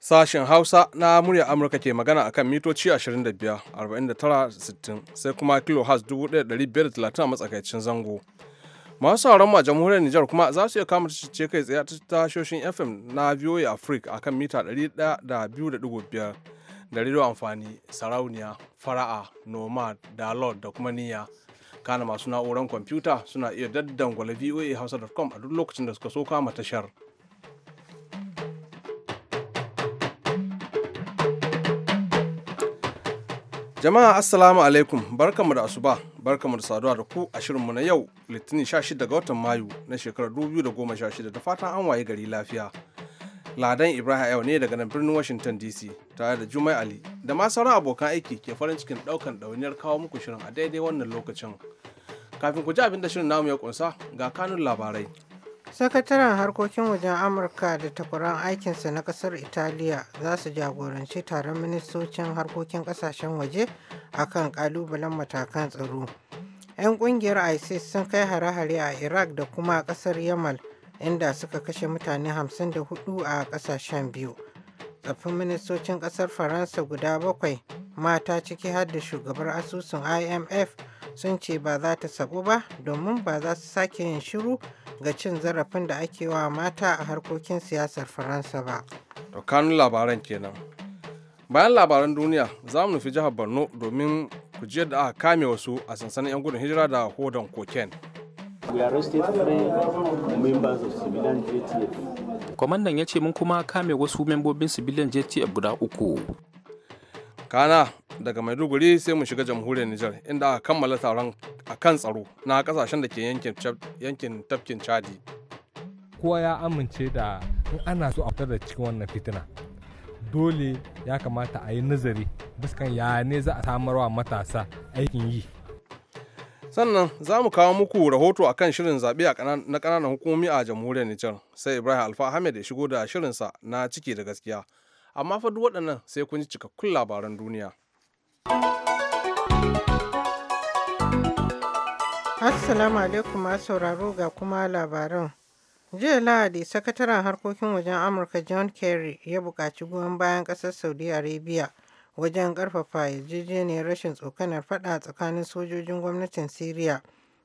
Sashen Hausa na murya Amurka ke magana akan mitoci 25, 49, 60 sai kuma kilohertz 1530 a matsakaicin zango. masu sauran ma jamhuriyar Nijar kuma za su iya kama ce kai tsaye ta tashoshin FM na VOA Africa akan mita 102.5 da rido amfani sarauniya fara'a nomad dalot da kuma niyya kana masu na'uran kwamfuta suna iya daddangwala voa hausa.com a duk lokacin da suka so kama tashar. Jama'a Assalamu alaikum barkamu da asuba barkanmu da saduwa da ku a shirinmu na yau Litinin 16 ga watan Mayu na shekarar 2016 da fatan an waye gari lafiya. Ladan Ibrahim yau ne daga nan birnin Washington DC tare da Jumai Ali da ma sauran abokan aiki ke farin cikin daukan ɗauniyar kawo muku shirin a daidai wannan lokacin. Kafin ku ji abin da shirin namu ya kunsa ga kanun labarai. Sakataren harkokin wajen Amurka da takwaran aikinsa na kasar Italiya za su jagoranci taron ministocin harkokin kasashen waje akan kalubalen matakan tsaro. 'Yan kungiyar ISIS sun kai hare-hare a Iraq da kuma kasar Yamal inda suka kashe mutane 54 a ƙasashen biyu. Tsaffin ministocin ƙasar Faransa guda bakwai mata ciki har da shugabar asusun IMF sun ce ba za ta sabu ba domin ba za su sake yin shiru ga cin zarafin da ake wa mata a harkokin siyasar Faransa ba. To kanun labaran kenan. Bayan labaran duniya za mu nufi jihar Borno domin ku da aka kame wasu a sansanin 'yan gudun hijira da hodon koken. We arrested three members of civilian JTF. Kwamandan ya ce mun kuma kame wasu membobin civilian JTF guda uku. Kana daga Maiduguri sai mu shiga jamhuriyar Nijar inda aka kammala taron a kan tsaro na kasashen da ke yankin tafkin Chadi. Kowa ya amince da in ana so a fitar da cikin wannan fitina. Dole ya kamata a yi nazari biskan ya ne za a samarwa matasa aikin yi. sannan za mu kawo muku rahoto a kan shirin zaɓe na ƙananan hukumomi a jamhuriyar nijar sai ibrahim alfa ahmed ya shigo da shirinsa na ciki da gaskiya amma fa duk waɗannan sai kun ji cikakkun labaran duniya assalamu alaikum a sauraro ga kuma labaran jiya lahadi sakataren harkokin wajen amurka john kerry ya buƙaci goyon bayan ƙasar saudi arabia wajen ƙarfafa yarjejeniyar rashin tsokanar faɗa tsakanin sojojin gwamnatin Siriya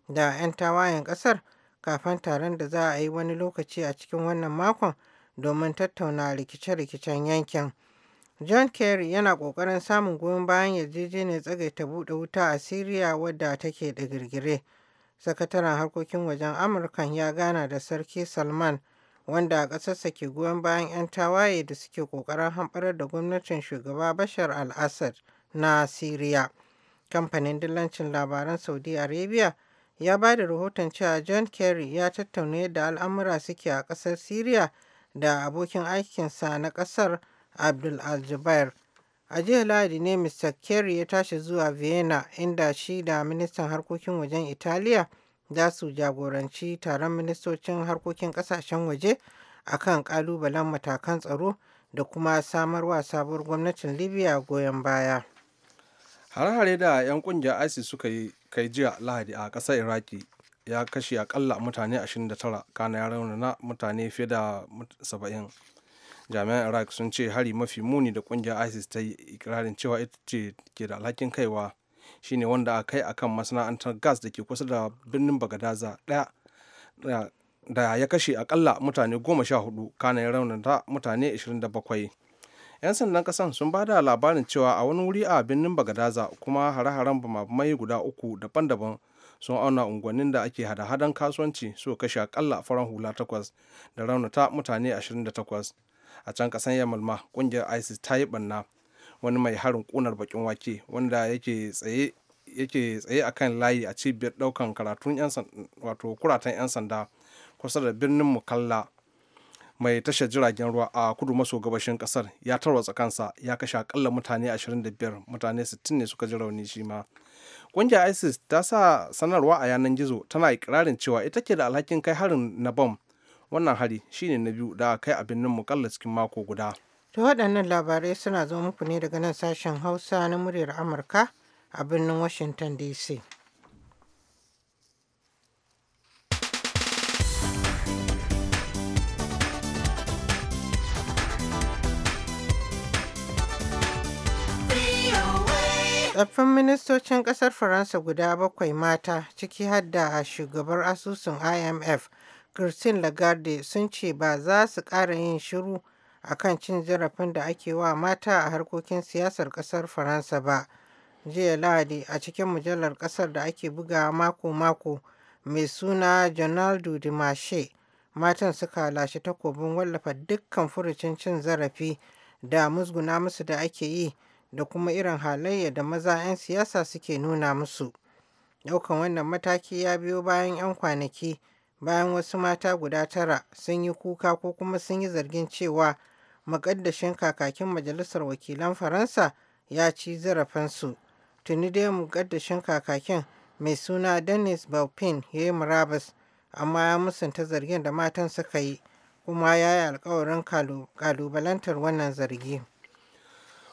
da 'yan tawayen ƙasar kafin taron da za a yi wani lokaci a cikin wannan makon domin tattauna rikice-rikicen yankin. John Kerry yana ƙoƙarin samun goyon bayan yarjejeniyar tsagaita buɗe wuta a Siriya wadda take da girgire. Sakataren harkokin wajen Amurkan ya gana da Sarki Salman wanda a ƙasarsa ke goyon bayan 'yan tawaye da suke ƙoƙarin hamɓarar da gwamnatin shugaba bashar al-assad na siriya kamfanin dillancin labaran saudi arabia ya ba da rahoton cewa john kerry ya tattauna yadda al'amura suke a ƙasar Siriya da abokin aikinsa na ƙasar abdul aljubair a jiya lahadi ne mr kerry ya tashi zuwa vienna inda shi da ministan harkokin wajen italiya za su jagoranci taron ministocin harkokin kasashen waje a kan kalubalen matakan tsaro da kuma samarwa sabuwar gwamnatin libya goyon baya har-hare da 'yan kungiyar isis suka yi kai jiya lahadi a ƙasar iraki ya kashe akalla mutane 29 kana ya raunana mutane fiye da 70 jami'an iraq sun ce hari mafi muni da kungiyar isis ta yi ikirarin cewa ita ce ke da alhakin kaiwa shine wanda a kai akan masana'antar gas da ke kusa da birnin bagadaza daya da ya kashe akalla mutane goma sha hudu kana ya raunata mutane 27 'yan sandan kasan sun ba da labarin cewa a wani wuri a birnin bagadaza kuma hare-haren bamamai guda uku daban-daban sun auna unguwannin da ake hada-hadan kasuwanci su kashe akalla farar hula takwas da raunata mutane 28 a can kasan yamalma ma kungiyar isis ta yi banna wani mai harin kunar bakin wake wanda yake tsaye yake tsaye akan layi a cibiyar daukan karatun yan wato kuratan yan sanda kusa da birnin mukalla mai tashar jiragen ruwa a kudu maso gabashin kasar ya tarwatsa kansa ya kashe akalla mutane 25 mutane 60 ne suka ji rauni shi ma kungiyar isis ta sa sanarwa a yanar gizo tana ikirarin cewa ita ke da alhakin kai harin na bom wannan hari shine na biyu da kai a birnin mukalla cikin mako guda To waɗannan labarai suna zo muku ne daga nan sashen Hausa na muryar Amurka a birnin Washington DC. tsaffin ministocin ƙasar faransa guda bakwai mata ciki hadda a shugabar asusun imf christine lagarde sun ce ba za su ƙara yin shiru akan cin zarafin da ake wa mata a harkokin siyasar kasar faransa ba jiya lahadi a cikin mujallar kasar da ake buga mako-mako mai suna jonaldo de mache matan suka lashe takobin wallafa dukkan furucin cin zarafi da musguna musu da ake yi da kuma irin halayya da maza 'yan siyasa suke nuna musu daukan wannan mataki ya biyo bayan 'yan kwanaki bayan wasu mata guda tara sun yi kuka ko kuma sun yi zargin cewa muƙaddashin kakakin majalisar wakilan faransa ya ci zarafinsu tuni dai muƙaddashin kakakin mai suna dennis baupin ya yi murabus amma ya musanta zargin da matan suka yi kuma ya yi alkawarin kalubalantar wannan zargi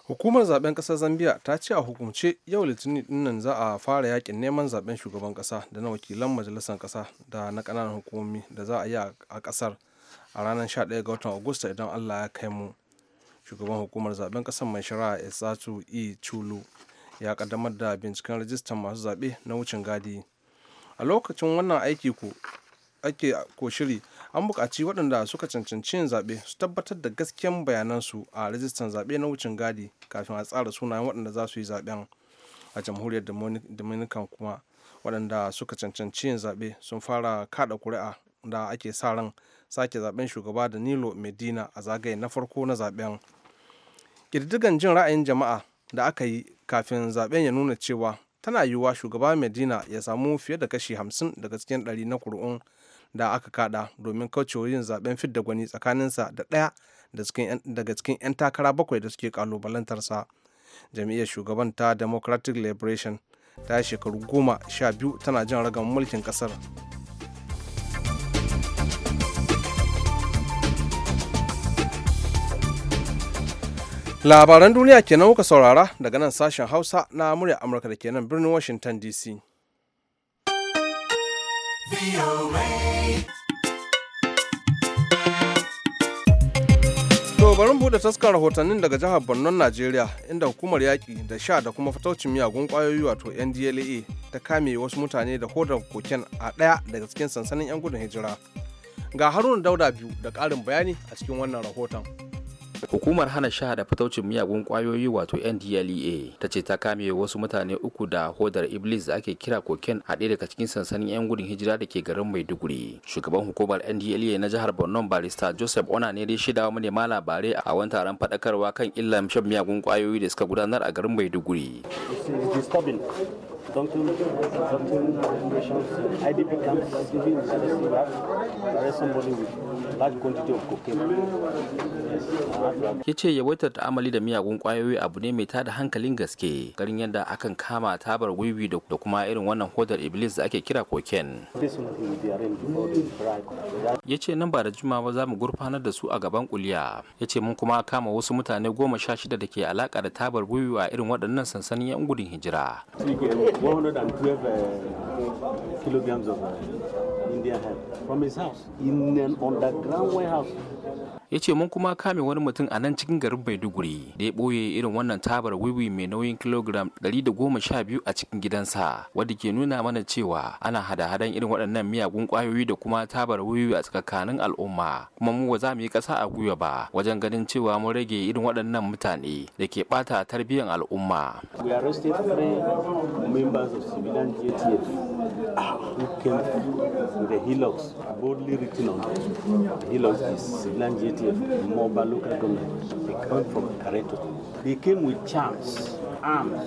hukumar zaben kasar zambia ta ce a hukumce yau litinin dinnan za a fara yakin neman zaben shugaban kasa da na wakilan majalisar kasa da na kananan hukumomi da za a yi a kasar a ranar 11 ga watan agusta idan allah ya kai mu shugaban hukumar zaben kasar mai shari'a esatu e chulu ya kaddamar da binciken rajistan masu zaɓe na wucin gadi a lokacin wannan aiki ko ake ko shiri an buƙaci waɗanda suka cancanci yin zaɓe su tabbatar da gaskiyan bayanansu a rajistan zaɓe na wucin gadi kafin a tsara sunayen waɗanda za su yi zaɓen a jamhuriyar dominican kuma waɗanda suka cancanci yin zaɓe sun fara kaɗa kuri'a da ake sa ran sake zaben shugaba da nilo medina a zagaye na farko na zaben ƙididdigan jin ra'ayin jama'a da aka yi kafin zaben ya nuna cewa tana yiwuwa shugaba medina ya samu fiye da kashi 50 daga cikin 100 na kur'un da aka kada domin kaucewa yin zaben fidda gwani tsakaninsa da ɗaya daga cikin 'yan takara bakwai da suke kalubalantarsa Jami'ar shugaban ta democratic liberation ta shekaru goma sha biyu tana jan ragan mulkin kasar labaran duniya kenan wuka saurara daga nan sashen hausa na murya amurka da kenan birnin washington dc bari buɗe taskar rahotannin daga jihar Borno Najeriya inda hukumar yaƙi da sha da kuma fataucin miyagun ƙwayoyi wato NDLA ta kame wasu mutane da hodar koken a ɗaya daga cikin sansanin 'yan gudun hijira. Ga Haruna Dauda biyu da ƙarin bayani a cikin wannan rahoton. Hukumar hana sha da fitaucin miyagun kwayoyi wato NDLEA ta ce ta kame wasu mutane uku da hodar Iblis da ake kira koken a ɗaya daga cikin sansanin 'yan gudun hijira da ke garin Maiduguri. Shugaban hukumar NDLEA na jihar Borno barista Joseph Ona ne dai shida wa manema labarai a wani taron faɗakarwa kan illan shan miyagun kwayoyi da suka gudanar a garin Maiduguri. something, something IDP even in we have somebody with large quantity of ya ce yawaitar ta'amali da miyagun kwayoyi abu ne mai tada hankalin gaske garin yadda akan kama tabar wiwi da kuma irin wannan hodar iblis da ake kira koken ya ce nan ba da juma ba za mu gurfanar da su a gaban kuliya ya ce mun kuma kama wasu mutane goma sha shida da ke alaka da tabar wiwi a irin waɗannan sansanin yan gudun hijira 112 uh, kilograms of uh, Indian hemp from his house in an underground warehouse. ya ce mun kuma kame wani mutum a nan cikin garin maiduguri da ya ɓoye irin wannan tabar wiwi mai nauyin kilogram 112 a cikin gidansa wadda ke nuna mana cewa ana hada-hadan irin waɗannan miyagun ƙwayoyi da kuma tabar wiwi a tsakanin al'umma kuma mu za mu yi ƙasa a gwiwa ba wajen ganin cewa mun rage irin waɗannan mutane da ke ɓata tarbiyyar al'umma. We ah, a boldly written on The is civilian of Moba local government. They come from Kareto. They came with charms. arms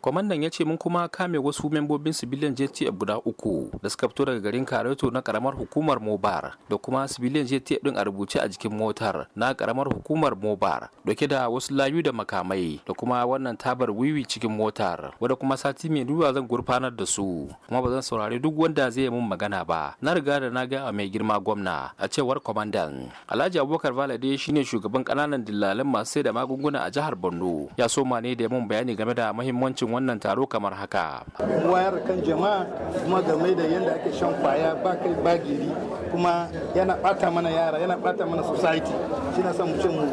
Kwamandan ya ce mun kuma kame wasu membobin civilian JTF guda uku da suka fito daga garin Kareto na karamar hukumar Mobar da kuma civilian JTF din a rubuce a jikin motar na karamar hukumar Mobar dauke da wasu layu da makamai da kuma wannan tabar wiwi cikin motar wadda kuma sati mai duba zan gurfanar da su kuma ba zan saurari duk wanda zai yi mun magana ba na riga da na ga mai girma gwamna a cewar kwamandan Alhaji Abubakar Valade shine shugaban kananan dilla dalalin masu sai da magunguna a jihar borno ya soma ne da mun bayani game da mahimmancin wannan taro kamar haka wayar kan jama'a kuma game da yadda ake shan kwaya ba kai ba giri kuma yana bata mana yara yana bata mana society shi na san mu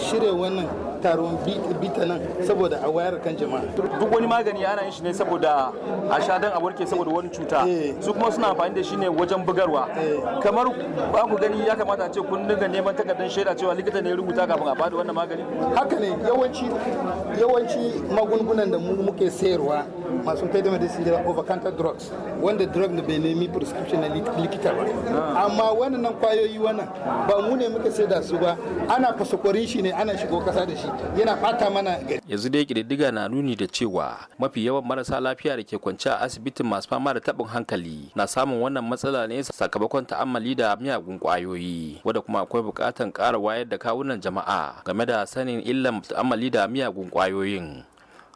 shirya wannan taron bita nan saboda a wayar kan jama'a duk wani magani ana yin shi ne saboda a sha don a warke saboda wani cuta eh. su kuma suna amfani da shi ne wajen bugarwa eh. kamar ba ku gani ya kamata a ce kun dinga neman takardar shaida cewa likita ne rubuta kafin a bada wannan magani haka ne yawanci yawanci magungunan da mu muke sayarwa masu kai da medicine da over counter drugs wanda drug na bai nemi prescription na likita ba ah. amma wannan kwayoyi wannan ba mu ne muka sai da su ba ana fasakwarin shi ne ana shigo kasa da shi yana fata mana gari yanzu dai kididdiga na nuni da cewa mafi yawan marasa lafiya da ke kwance a asibitin masu fama da tabin hankali na samun wannan matsala ne sakamakon ta'ammali da miyagun kwayoyi wanda kuma akwai bukatan ƙara wayar da kawunan jama'a game da sanin illan ta'ammali da miyagun kwayoyin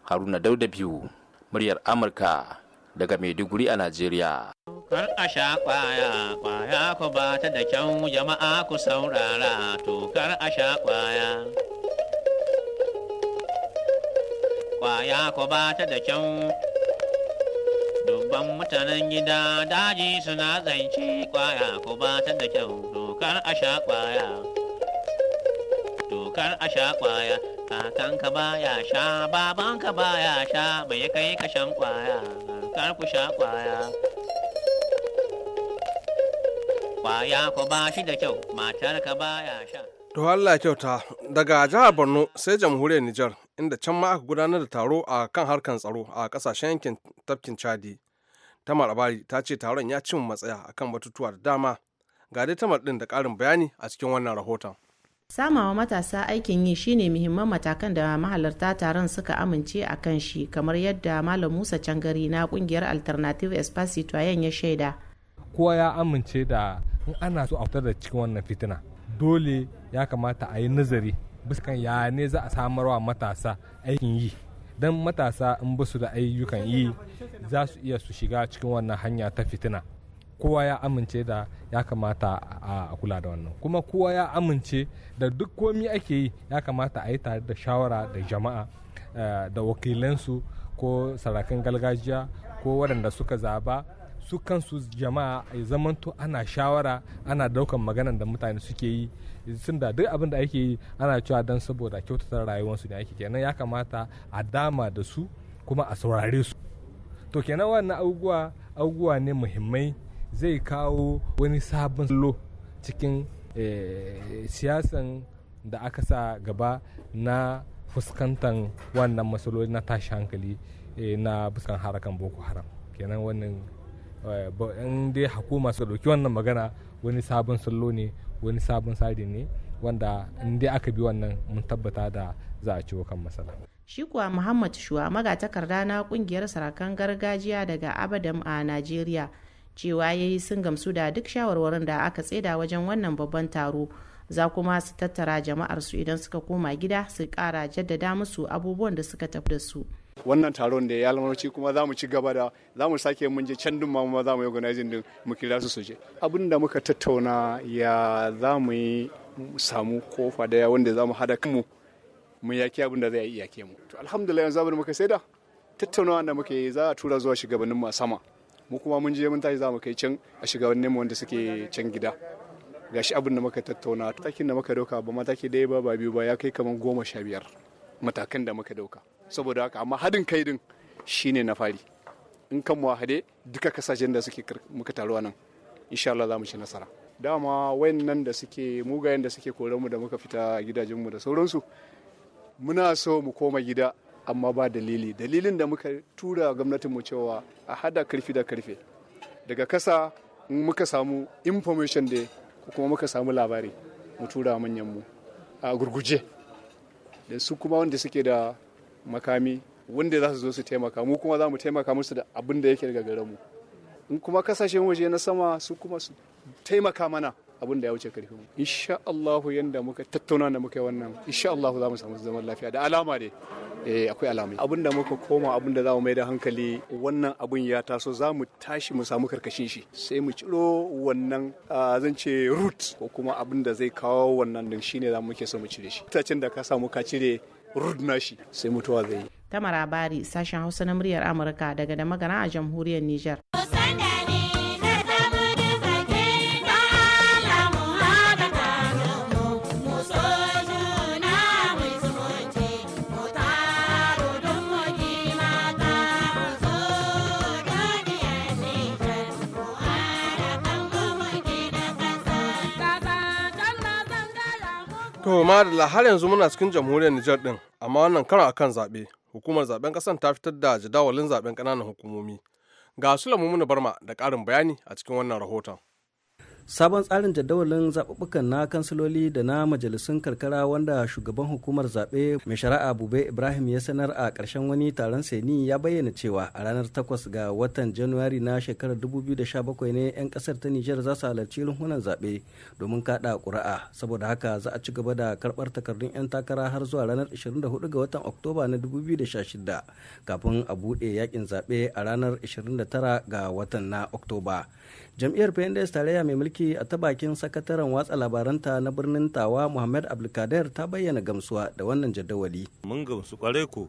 haruna dauda biyu muryar amurka daga maiduguri a najeriya kar a sha kwaya kwaya ku ba ta da kyau jama'a ku saurara to kar a sha kwaya kwaya ku ba ta da kyau dubban mutanen gida daji suna zance kwaya ku ba ta da kyau dokar a sha kwaya dokar a sha kwaya kakanka baya sha babanka baya sha bai kai ka shan kwaya kar ku sha kwaya kwaya ku ba shi da kyau matar ba baya sha To Allah kyauta daga jihar Borno sai jamhuriyar Nijar inda can ma aka gudanar da taro a kan harkan tsaro a kasashen yankin tafkin Chadi. Tamar Abari ta ce taron ya cin matsaya akan batutuwa da dama. Ga dai Tamar din da ƙarin bayani a cikin wannan rahoton. samawa matasa aikin yi shine muhimman matakan da mahalarta taron suka amince a kan shi kamar yadda malam musa cangari na kungiyar alternative espace citoyen ya shaida kowa ya amince da in ana so a fitar da cikin wannan fitina dole ya kamata a yi nazari biskan ya ne za a samarwa matasa aikin yi don matasa in basu da ayyukan yi za su iya su shiga cikin wannan hanya ta fitina kowa ya amince da ya kamata a kula da wannan kuma kowa ya amince da duk komi ake yi ya kamata a yi tare da shawara da jama'a eh, da wakilansu ko sarakan galgajiya ko waɗanda suka zaba su kansu jama'a ya zamanto ana shawara ana daukan magana da mutane suke yi sun da duk abin da ake yi ana cewa don saboda kyautata rayuwarsu ne ake kenan ya kamata a dama da su kuma a saurare su to kenan wannan abubuwa abubuwa ne muhimmai zai kawo wani sabon lo cikin eh, siyasan da aka sa gaba na fuskantar wannan matsaloli na tashi hankali eh, na buskan harakan boko haram kenan wannan eh, in dai hakuma su dauki wannan magana wani sabon sallo ne wani sabon sadi ne wanda in dai aka bi wannan mun tabbata da za a ciwo kan matsala. Shi kuwa Muhammad Shuwa magatakarda na kungiyar sarakan gargajiya daga Abadam a Najeriya cewa ya yi sun gamsu da duk shawarwarin da aka tseda wajen wannan babban taro za kuma su tattara jama'ar su idan suka koma gida su kara jaddada musu abubuwan da suka tafi da su. wannan taron da ya lamarci kuma za mu ci gaba da za mu sake mun je can ma kuma za mu yi organizing din mu kira su su abin da muka tattauna ya za mu yi samu kofa da wanda za mu hada kanmu mu yaki abin da zai yake mu to alhamdulillah yanzu abin muka saida tattaunawa da muka yi za a tura zuwa shugabannin mu a sama mu kuma mun je mun tashi za mu kai can a shiga shugabanninmu wanda suke can gida gashi abin da muka tattauna matakin da muka dauka ba mataki daya ba ba biyu ba ya kai kamar goma sha biyar matakan da muka dauka saboda haka amma haɗin kai din shine na fari in kan mu hade duka kasashen da suke muka taruwa nan insha Allah za mu ci nasara dama wayannan da suke mugayen da suke koran mu da muka fita gidajen mu da sauransu muna so mu koma gida amma ba dalili dalilin da muka tura gwamnatinmu cewa a hada karfi da karfe daga kasa muka samu information da kuma muka samu labari mu tura manyanmu a gurguje da su kuma wanda suke da makami wanda za su zo su taimaka mu kuma za mu taimaka musu da abin da yake daga gare mu in kuma kasashen waje na sama su kuma su taimaka mana abin da ya wuce karfin mu insha Allahu yanda muka tattauna da muka yi wannan insha Allahu za mu samu zaman lafiya da alama dai eh akwai alamai abin da muka koma abin da za mu mai da hankali wannan abin ya taso za mu tashi mu samu karkashin shi sai mu ciro wannan zan ce root ko kuma abin da zai kawo wannan din shine za mu ke so mu cire shi itacen da ka samu ka cire root nashi sai mutuwa zai yi tamara bari sashen hausa na muryar amurka daga da magana a jamhuriyar Nijar. To madalla har yanzu muna cikin jamhuriyar Nijar din amma wannan karo akan zaɓe hukumar zaben ƙasar ta fitar da jadawalin zaben ƙananan hukumomi. Ga su Muna Barma da ƙarin bayani a cikin wannan rahoton. sabon tsarin jadawalin zaɓuɓɓukan na kansiloli da na majalisun karkara wanda shugaban hukumar zaɓe mai shari'a bube ibrahim ya sanar a ƙarshen wani taron seni ya bayyana cewa a ranar 8 ga watan januwari na shekarar 2017 ne 'yan ƙasar ta nijar za su halarci runhunan zaɓe domin kaɗa ƙuri'a saboda haka za a ci gaba da karɓar takardun 'yan takara har zuwa ranar 24 ga watan oktoba na 2016 kafin a buɗe yakin zaɓe a ranar 29 ga watan na oktoba jam'iyyar pnds tarayya mai mulki take a ta bakin sakataren watsa labaranta na birnin tawa muhammad abdulkader ta bayyana gamsuwa da wannan jadawali mun gamsu kware ko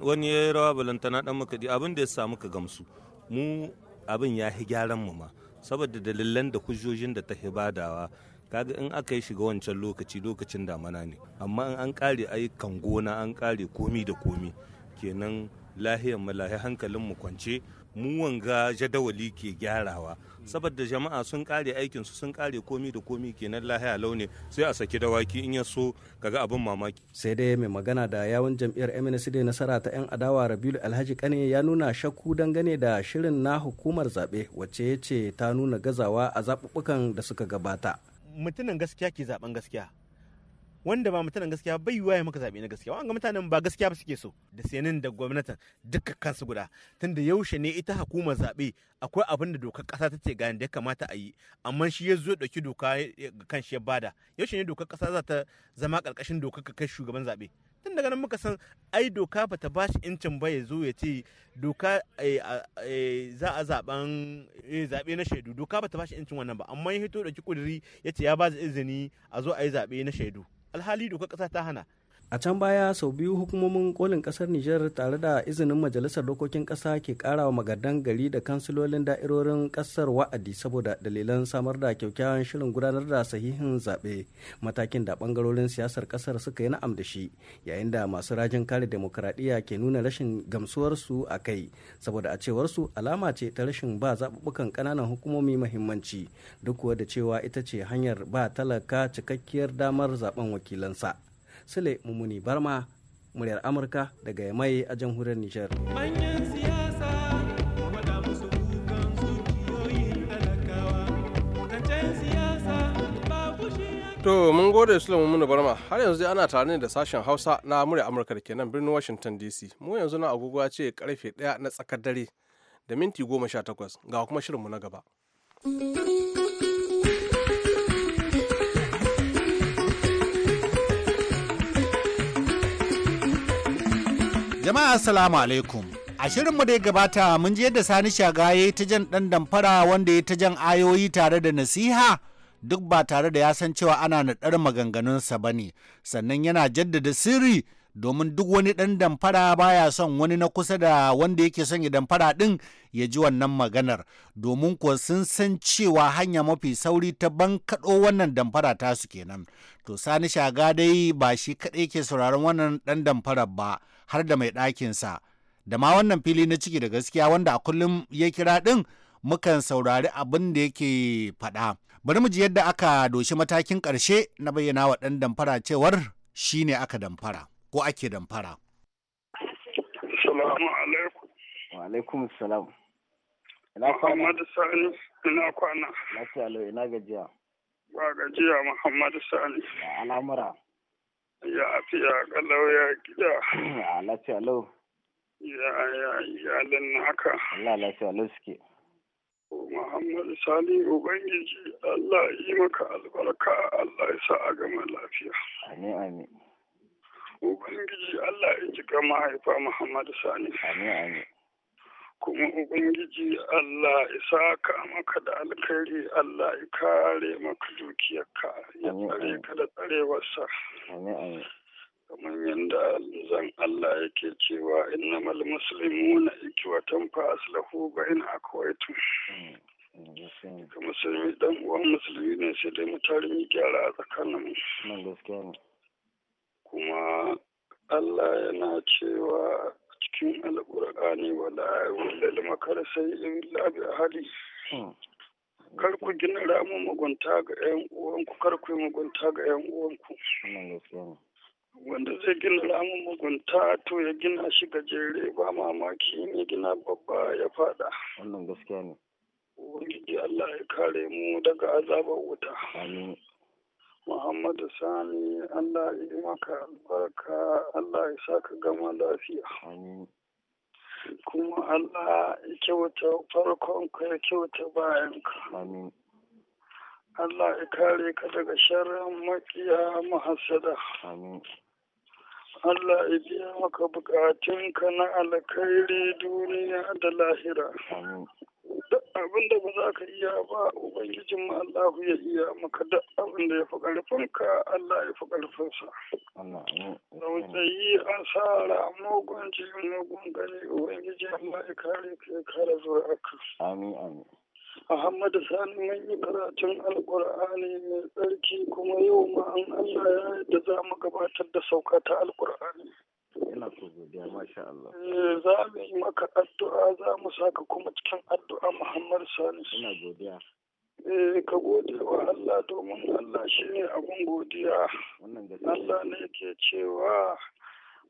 wani ya yi rawa balantana dan makaɗi abin da ya samu ka gamsu mu abin ya hi gyaran mu ma saboda dalilan da hujjojin da ta hibadawa kaga in aka yi shiga wancan lokaci lokacin damana ne amma in an kare ayyukan gona an kare komi da komi kenan lahiyar mu lahi hankalin mu kwance mu wanga jadawali ke gyarawa saboda jama'a sun kare aikin su sun kare komi da komi kenan lahiya launi sai a saki dawaki in ya so kaga abin mamaki sai dai mai magana da yawun jam'iyyar MNC nasara ta yan adawa Rabiul Alhaji Kane ya nuna shakku dangane da shirin na hukumar zabe wacce ya ce ta nuna gazawa a zaɓuɓɓukan da suka gabata mutumin gaskiya ke zaben gaskiya wanda ba mutanen gaskiya bai yiwuwa ya maka zaɓe na gaskiya wanga mutanen ba gaskiya ba suke so da sayanin da gwamnatin duka kansu guda tunda yaushe ne ita hukumar zaɓe akwai abin da dokar ƙasa ta ce ga da ya kamata a yi amma shi ya zo ɗauki doka kan shi ya bada yaushe ne dokar ƙasa za ta zama karkashin dokar ka kai shugaban zaɓe tun daga nan muka san ai doka ta ba shi incin ba ya zo ya ce doka eh, eh, eh, za a zaben zaɓe na shaidu doka bata ba shi incin wannan ba amma ya hito ɗauki kuduri ya ce ya ba izini a zo a yi zaɓe na shaidu alhali dokar ƙasa ta hana a can baya sau biyu hukumomin kolin kasar niger tare da izinin majalisar dokokin kasa ke kara wa magadan gari da kansilolin da'irorin kasar wa'adi saboda dalilan samar da kyaukyawan shirin gudanar da sahihin zaɓe matakin da bangarorin siyasar kasar suka yi na'am da shi yayin da masu rajin kare demokuraɗiyya ke nuna rashin gamsuwarsu a kai saboda a cewarsu alama ce ta rashin ba zaɓuɓɓukan ƙananan hukumomi mahimmanci duk kuwa da cewa ita ce hanyar ba talaka cikakkiyar damar zaben wakilansa. Sule Mumuni Barma, muryar Amurka daga Yamai a jamhuriyar Nijar. To mun gode su Sulaiman Mumunu Barma har yanzu ana tare da sashen Hausa na murya Amurka da kenan birnin Washington DC. Mu yanzu na agogo ce karfe 1 na tsakar dare da minti 18 ga kuma shirinmu na gaba. Jama'a assalamu alaikum. A mu da ya gabata mun je yadda Sani Shaga ya yi ta jan ɗan damfara wanda ya ta jan ayoyi tare da nasiha duk ba tare da ya san cewa ana naɗar maganganunsa ba ne, sannan yana jaddada sirri domin duk wani ɗan damfara baya son wani na kusa da wanda yake son ya damfara ɗin ya ji wannan maganar, domin kuwa sun san cewa hanya mafi sauri ta bankaɗo wannan damfara tasu kenan. To Sani Shaga dai ba shi kaɗai ke sauraron wannan ɗan damfarar ba. har da mai ɗakinsa da ma wannan fili na ciki da gaskiya wanda a kullum ya kira ɗin mukan saurari abin da yake faɗa bari mu ji yadda aka doshi matakin ƙarshe na bayyana wa ɗan damfara cewar shi ne aka damfara ko ake damfara. Salamu alaikum. Wa alaikum salam. Ina kwana. muhammad Sani, ina kwana. Lafiya lau, ina gajiya. Ba gajiya Muhammadu Sani. Al'amura. Ya fiya kalau ya gida. Ya ah, lafiya lau. Ya ya iyalin naka. Allah lafiya lau suke. Muhammadu Sani Ubangiji Allah yi maka albarka Allah ya sa a gama lafiya. Amin amin. Ubangiji Allah ya ji gama haifa Muhammadu Sani. Amin amin. kuma ubangiji Allah ya saka maka da alkhairi Allah ya kare maka dukiyarka ya tsare ka da tsarewarsa kamar yadda zan Allah yake cewa innamal muslimuna ikwatan fa aslahu bain akwaitu ka musulmi dan uwan musulmi ne sai dai mutane gyara a tsakanin mu. kuma Allah yana cewa cikin alƙur'ani wala walal makara yi labi bi hali hmm. kar ku gina ramu mugunta ga yan uwanku kar ku yi mugunta ga yan uwanku wanda zai gina ramu mugunta to ya gina shi gajere ba mamaki ne gina babba ya fada wannan gaskiya ne ubangiji Allah ya kare mu daga azabar wuta amin Muhammadu Sani, Allah ya yi maka albarka, Allah ya sa ka gama lafiya. Kuma Allah ya kyauta farkon ka ya kyauta bayan ka. Allah ya kare ka daga sharrin makiya mahasada. Allah ya biya maka bukatunka na alkhairi duniya da lahira. duk abin da ba za ka iya ba ubangijin ma Allah ya iya maka duk abin da ya fi ƙarfinka Allah ya fi ƙarfinsa. yi an sara mugun ji mugun gani ubangiji Allah ya kare ka ya kare zuwa Amin amin. Sani mun yi karatun Alƙur'ani mai tsarki kuma yau ma an Allah ya da za mu gabatar da sauka ta Alƙur'ani. Ina so godiya masha Allah. Za mu yi maka addu'a za mu saka kuma cikin addu'a Muhammad Sanusi. Ina godiya. Eh ka gode wa Allah domin Allah shi ne abin godiya. Allah ne ke cewa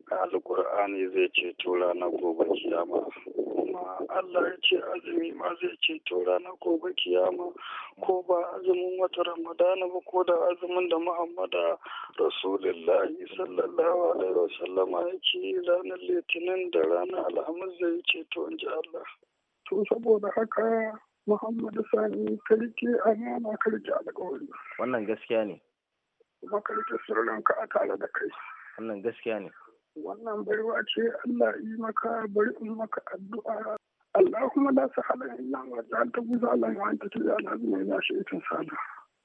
Alƙur'ani zai ceto na gobe kiyama kuma Allah ya ce azumi ma zai ceto na gobe kiyama ko ba azumin wata ramadana ba ko da azumin da Muhammadu rasulullahi sallallahu alaihi wasallama ya ce ranar litinin da ranar alhamis zai ce in ji Allah to saboda haka muhammadu sani karke amana karke alƙawari. wannan gaskiya ne kuma karke sirrinka a tare da kai wannan gaskiya ne wannan baiwa ce Allah yi maka bari in maka addu'a Allahumma la sahala illa ma ja'alta wa anta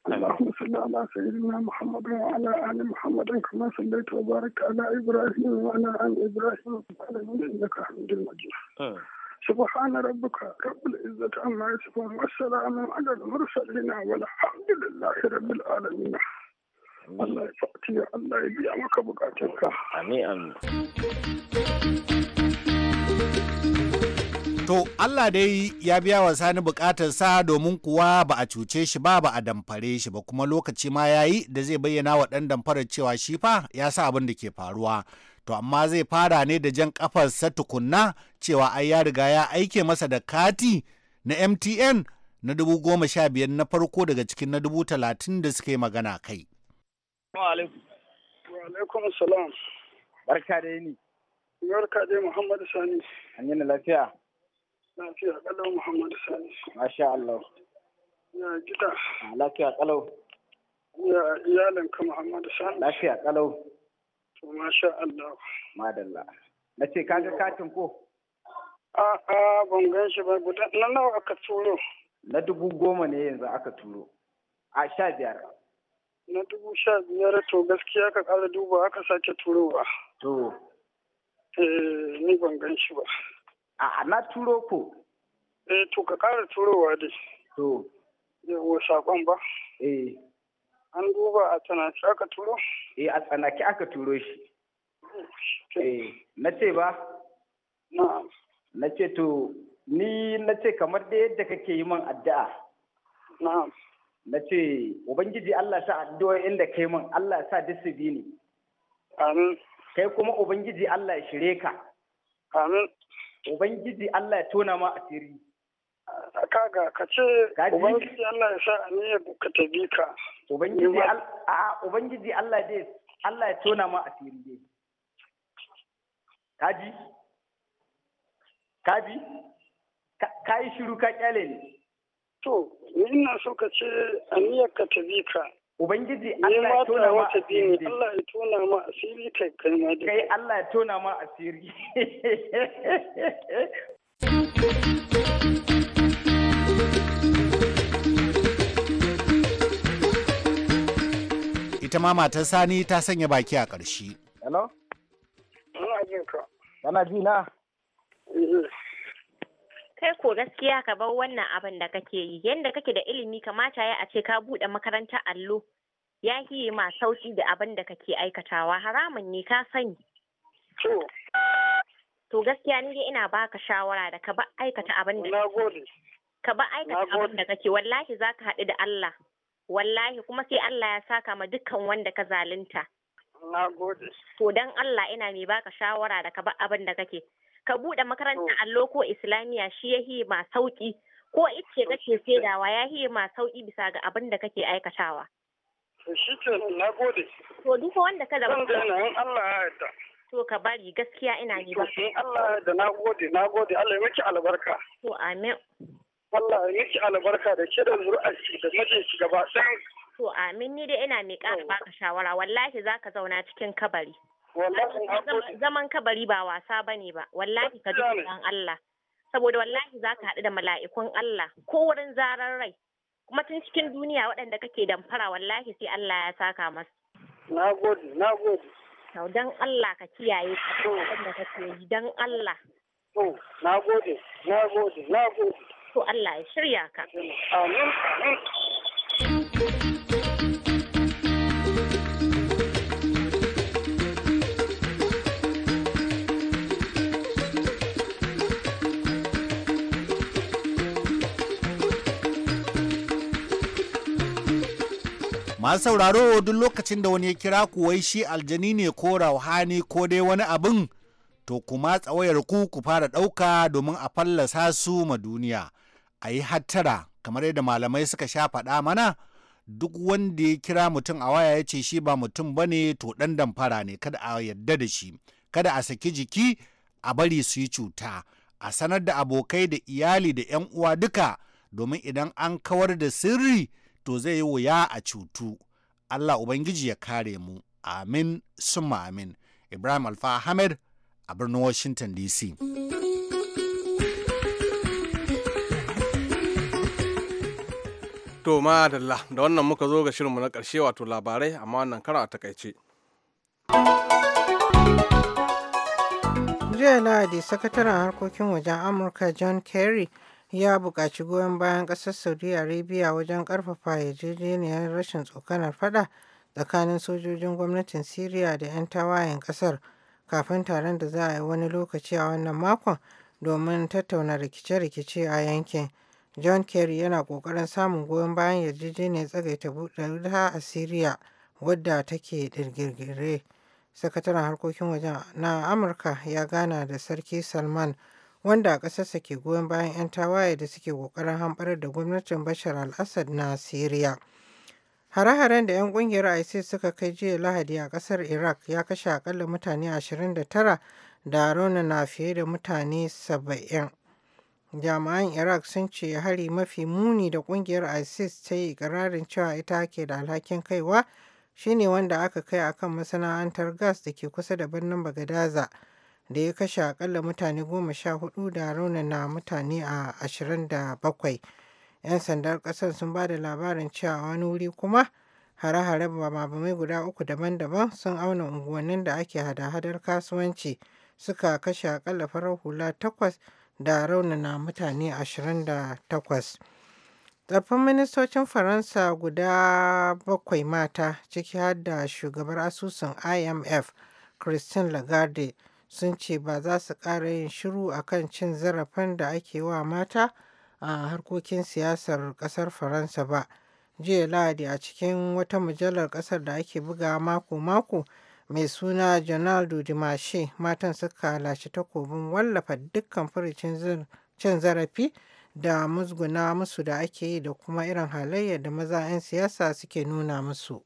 اللهم صل على سيدنا محمد وعلى ال محمد كما صليت وبارك على ابراهيم وعلى ال ابراهيم في العالمين انك حميد مجيد. سبحان ربك رب العزة عما يصفون والسلام على المرسلين والحمد لله رب العالمين. Amin To Allah dai ya biya wa sani sa domin kuwa ba a cuce shi ba ba a damfare shi ba kuma lokaci ma ya yi da zai bayyana wa ɗan damfarar cewa shi fa ya sa abin da ke faruwa. To amma zai fara ne da jan ƙafarsa tukunna cewa ai ya riga ya aike masa da kati na MTN na dubu goma sha biyar na farko daga cikin na dubu talatin da suka yi magana kai. alaikum. Wa alaikum salam. Barka da yini. Barka dai Muhammadu Sani. An yi lafiya? Lafiya kalau Muhammadu Sani. Masha Allah. Ya gida. Ah, lafiya kalau. Ya iyalin ka Muhammad Sani. Lafiya kalau. To masha Allah. Madalla. Na ce ka ga katin ko? A'a ban gan shi ba guda na nawa aka turo. Na dubu goma ne yanzu aka turo. A sha biyar. na dubu sha biyar to gaskiya ka ƙara duba aka sake turowa. To. Eh ni ban gan shi ba. A'a na turo ko. Eh to ka ƙara turowa dai. To. Yawo saƙon ba. Eh. An duba a tsanaki aka turo? Eh a tsanaki aka turo shi. Eh na ce ba? Na. Na ce to ni na ce kamar da yadda kake yi man addu'a. Na'am. na ce ubangiji Allah sa addu'o'in da kai min Allah sa duk su bi ni amin kai kuma ubangiji Allah ya shire ka amin ubangiji Allah ya tona ma asiri kaga ka ce ubangiji Allah ya sa aniyar ka ta bi ka ubangiji Allah a ubangiji Allah dai Allah ya tona ma asiri dai kaji kaji ka yi shiru ka kyale ne To, ni na so ka ce aniyar ka ta bi ka. Ubangiji Allah ya tona ma asiri. Allah ya tona ma asiri kai kai ma Kai Allah ya tona ma asiri. Ita ma matar Sani ta sanya baki a ƙarshe. Hello? Ina jin ka. Kana ji na? Eh. kai ko gaskiya ka bar wannan abin da kake yi Yadda kake da ilimi kamata ya a ce ka buɗe makarantar allo ya yi ma sauki da abin da kake aikatawa haramun ne ka sani to gaskiya ni ina baka shawara da ka ba aikata abin da ka ba aikata abin da kake wallahi zaka haɗu da Allah wallahi kuma sai Allah ya saka ma dukkan wanda ka zalunta. Na gode. To don Allah ina mai baka shawara da ka bar abin da kake. ka buɗe makarantar oh. allo ko islamiya shi yahi ma sauki ko ice oh, kake saidawa yi ma sauki bisa ga abin da kake aikatawa shi ce na gode to duka wanda ka zama in Allah ya yarda to ka bari gaskiya ina ne ba in Allah ya yarda na gode na gode Allah ya miki albarka to amin Allah ya miki albarka da ke da zuri'arki da mijinki gaba ɗaya to amin ni dai ina mai ƙara oh. baka shawara wallahi zaka zauna cikin kabari zaman kabari ba wasa ba ne ba wallahi ka duk dan Allah saboda wallahi ka haɗu da mala'ikun Allah ko wurin zarar rai kuma tun cikin duniya waɗanda kake damfara wallahi sai Allah ya saka masu na gode na gode kyau don Allah ka kiyaye ka da kake yi don Allah to na gode na gode na gode to Allah ya shirya ka amin amin masu sauraro duk lokacin da wani ya kira ku wai shi aljani ne ko rauhani ko dai wani abin to kuma tsawayar ku ku fara ɗauka domin a fallasa su ma duniya a yi hattara kamar yadda malamai suka sha faɗa mana duk wanda ya kira mutum a waya ya ce shi ba mutum ba ne to ɗan damfara ne kada a yadda da shi kada a saki jiki a bari su yi cuta a sanar da abokai da iyali da 'yan uwa duka domin idan an kawar da sirri to zai yi wuya a cutu allah ubangiji ya kare mu amin summa amin ibrahim alfa ahmed a birnin washington dc to ma da wannan muka zo ga shirinmu na karshe wato labarai amma wannan kara a takaice jiya lahadi sakataren harkokin wajen amurka john kerry ya buƙaci goyon bayan ƙasar Saudi Arabia wajen ƙarfafa yarjejeniyar rashin tsokanar fada tsakanin sojojin gwamnatin Siriya da 'yan tawayen ƙasar kafin taron da za a yi wani lokaci a wannan makon domin tattauna rikice-rikice a yankin. John Kerry yana ƙoƙarin samun goyon bayan yarjejeniyar tsagaita buɗe a Siriya wadda take ɗirgirgire. Sakataren harkokin wajen na Amurka ya gana da Sarki Salman wanda a ƙasarsa ke goyon bayan 'yan tawaye da suke ƙoƙarin hamɓarar da gwamnatin bashar al-assad na syria hare-haren da 'yan ƙungiyar isis suka kai jiya lahadi a ƙasar iraq ya kashe akalla mutane 29 da na fiye da mutane 70 jami'an iraq sun ce hari mafi muni da ƙungiyar isis ta yi ƙirarin cewa ita ke da alhakin kaiwa shine wanda aka kai akan masana'antar gas da ke kusa da birnin bagadaza da ya kashe akalla mutane goma sha hudu da raunana mutane a ashirin da bakwai. 'Yan sandar ƙasar sun ba da labarin cewa wani wuri kuma hare-hare bamabamai guda uku daban-daban sun auna unguwannin da ake hada-hadar kasuwanci suka kashe akalla farar hula takwas da raunana mutane ashirin da takwas. Tsaffin ministocin Faransa guda bakwai mata ciki har da shugabar asusun IMF Christine Lagarde sun ce ba za su ƙara yin shiru a kan cin zarafin da ake wa mata a harkokin siyasar ƙasar faransa ba jiya lahadi a cikin wata mujallar ƙasar da ake buga mako-mako mai suna jonaldo dimashe matan suka lashe takobin wallafa dukkan furucin cin zarafi da musguna musu da ake yi da kuma irin halayyar da maza 'yan siyasa suke nuna musu.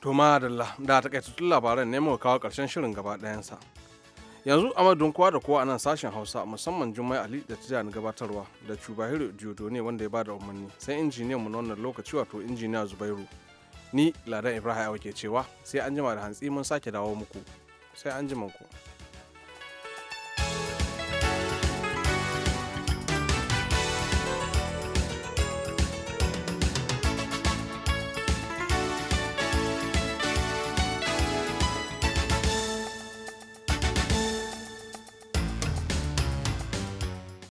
to madalla da ta kai tutun labaran ne muka kawo karshen shirin gaba ɗayansa yanzu a madun kowa da kowa a nan sashen hausa musamman jummai ali da ta na gabatarwa da cubahiru diodo ne wanda ya bada umarni sai injiniyan mu na wannan lokaci wato injiniya zubairu ni ladan ibrahim ke cewa sai an jima da hantsi mun sake dawo muku sai an jima ku